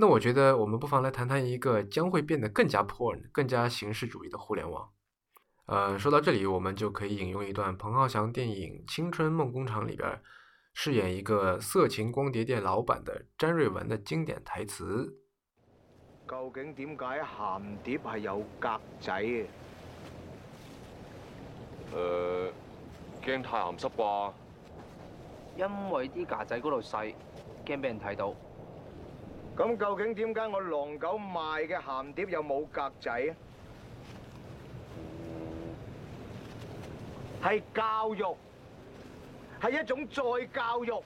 那我覺得，我們不妨來談談一個將會變得更加 porn、更加形式主義的互聯網。呃，說到這裏，我們就可以引用一段彭浩翔電影《青春夢工廠》裏邊飾演一個色情光碟店老闆的詹瑞文的經典台詞：“究竟點解鹹碟係有格仔嘅？呃，驚太鹹濕啩？因為啲格仔嗰度細，驚俾人睇到。”咁究竟點解我狼狗賣嘅鹹碟又冇格仔啊？係教育，係一種再教育。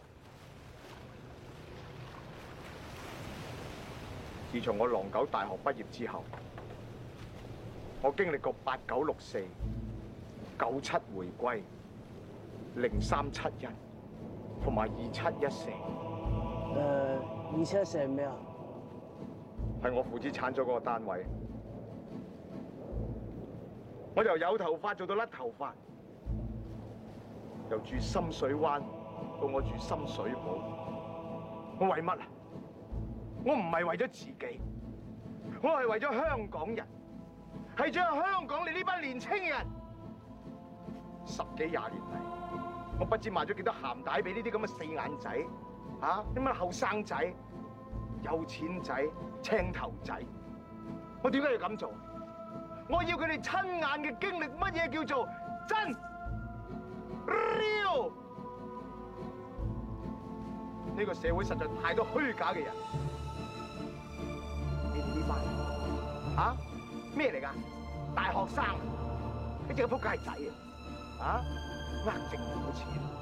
自從我狼狗大學畢業之後，我經歷過八九六四、九七回歸、零三七一，同埋二七一四。誒。而且成咩啊？係我父子產咗嗰個單位，我由有頭髮做到甩頭髮，由住深水灣到我住深水埗我什麼，我為乜啊？我唔係為咗自己，我係為咗香港人，係將香港你呢班年青人。十幾廿年嚟，我不知賣咗幾多鹹帶俾呢啲咁嘅四眼仔。嚇！啲乜後生仔、有錢仔、青頭仔，我點解要咁做？我要佢哋親眼嘅經歷乜嘢叫做真？呢個社會實在太多虛假嘅人。你哋呢班人，嚇咩嚟㗎？大學生，你隻撲街仔啊！嚇，呃政府錢。